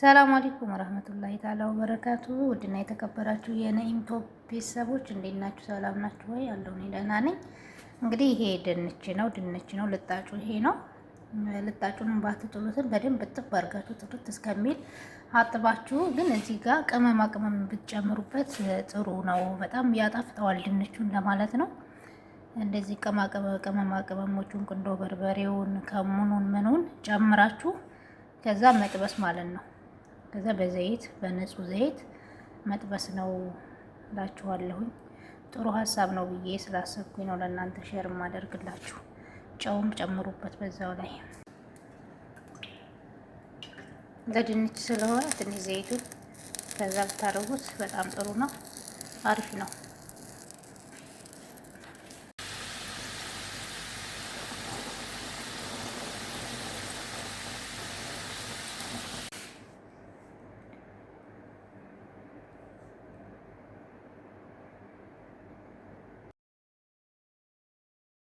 ሰላም አለይኩም ወራህመቱላሂ ተዓላ ወበረካቱ። ውድና የተከበራችሁ የነኢም ቶፕ ቤተሰቦች እንዴት ናችሁ? ሰላም ናችሁ ወይ? አለሁ እኔ ደህና ነኝ። እንግዲህ ይሄ ድንች ነው፣ ድንች ነው ልጣጩ ይሄ ነው። ልጣጩን ባትጥሉትን በደንብ እጥብ አድርጋችሁ እስከሚል አጥባችሁ፣ ግን እዚህ ጋር ቅመማ ቅመም ብትጨምሩበት ጥሩ ነው። በጣም ያጣፍጠዋል ድንቹን ለማለት ነው። እንደዚህ ቅመማ ቅመሞቹን ቁንዶ በርበሬውን፣ ከሙኑን፣ ምኑን ጨምራችሁ ከዛ መጥበስ ማለት ነው። ከዛ በዘይት በንጹህ ዘይት መጥበስ ነው ላችኋለሁኝ። ጥሩ ሀሳብ ነው ብዬ ስላሰብኩኝ ነው ለእናንተ ሼር ማደርግላችሁ። ጨውም ጨምሩበት በዛው ላይ ለድንች ስለሆነ ትንሽ ዘይቱን ከዛ ብታደርጉት በጣም ጥሩ ነው፣ አሪፍ ነው።